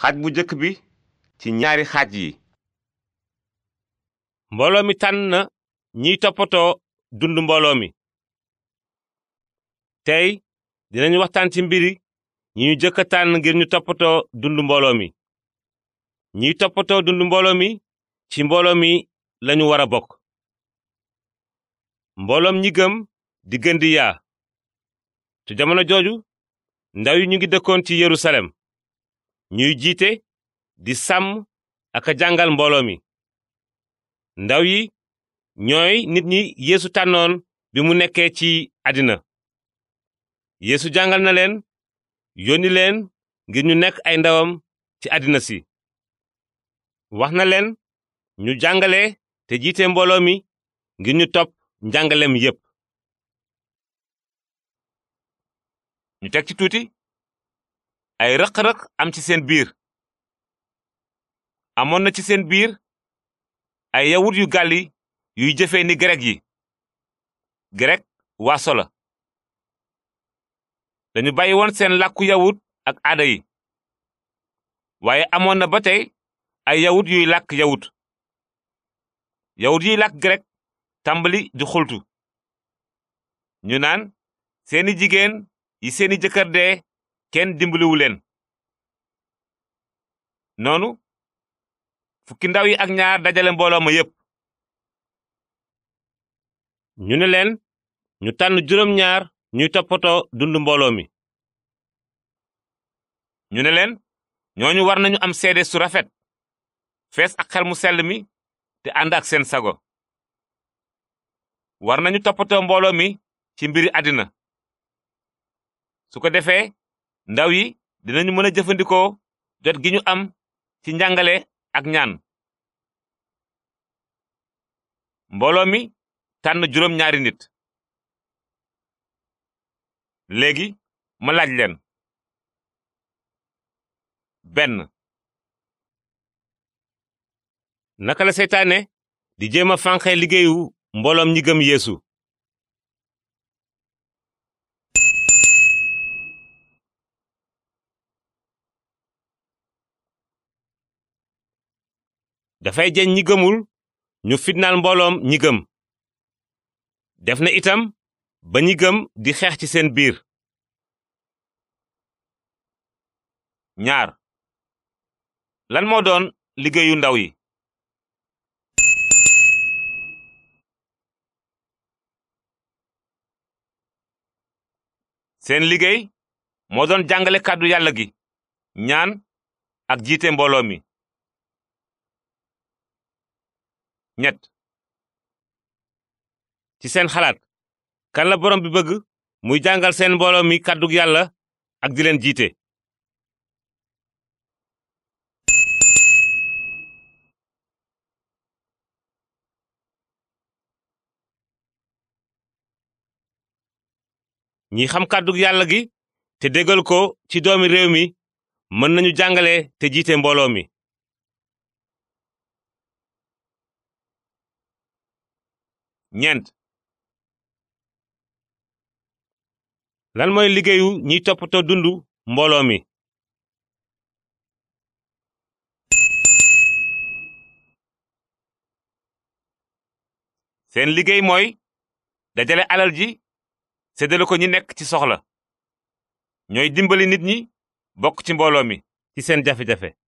xaaj bu njëkk bi ci ñaari xaaj yi mbooloo mi tànn na ñiy toppatoo dund mbooloo mi tey dinañu waxtaan ci mbiri ñi ñu jëkk a tànn ngir ñu toppatoo dund mbooloo mi ñiy toppatoo dund mbooloo mi ci mbooloo mi lañu war a bokk mbooloom ñi gëm di gën yaa te jamono jooju ndaw yi ñu ngi dëkkoon ci Yerusalem ñuy jiite di sàmm ak a jàngal mbooloo mi ndaw yi ñooy nit ñi yéesu tanoon bi mu nekkee ci àddina yéesu jàngal na leen yónni leen ngir ñu nekk ay ndawam ci àddina si wax na leen ñu jàngale te jiite mbooloo mi ngir ñu topp njàngalem yépp ñu teg ci tuuti ay rëq-rëq am ci seen biir amoon na ci seen biir ay yawut yu gàlli yuy jëfe ni grek yi grek waasola dañu bay won seen làkku yawut ak aada yi waaye amoon na ba tey ay yawut yuy làkk yawut yawut yuy làkk grek tàmbali di xultu ñu naan seeni jigéen yi seeni jëkkër kenn dimbaliwu leen noonu fukki ndaw yi ak ñaar dajale mbooloo ma yépp ñu ne leen ñu tànn juróom ñaar ñuy toppatoo dund mbooloo mi ñu ne leen ñooñu war nañu am seede su rafet fees ak xel mu sell mi te ànd ak seen sago war nañu toppatoo mbooloo mi ci mbiri àddina su ko defee ndaw yi dinañu mën a jëfandikoo jot gi ñu am ci njàngale ak ñaan. mbooloo mi tànn juróom ñaari nit. léegi ma laaj leen. benn. naka la seytaane di jéem a fànqe liggéeyu mbooloom ñi gëm yeesu. dafay jeñ ñi gëmul ñu fitnaal mbooloom ñi gëm def na itam ba ñi gëm di xeex ci seen biir ñaar lan moo doon liggéeyu ndaw yi seen liggéey moo doon jàngale kàddu yàlla gi ñaan ak jiite mbooloo mi ñett ci seen xalaat kan la borom bi bëgg muy jàngal seen mbooloo mi kàddug yàlla ak di leen jiite. ñi xam kàddug yàlla gi te déggal ko ci doomi réew mi mën nañu jàngale te jiite mbooloo mi. ñeent lan mooy liggéeyu ñiy toppatoo dundu mbooloo mi seen liggéey mooy dajale alal ji ko ñi nekk ci soxla ñooy dimbali nit ñi bokk ci mbooloo mi ci seen jafe-jafe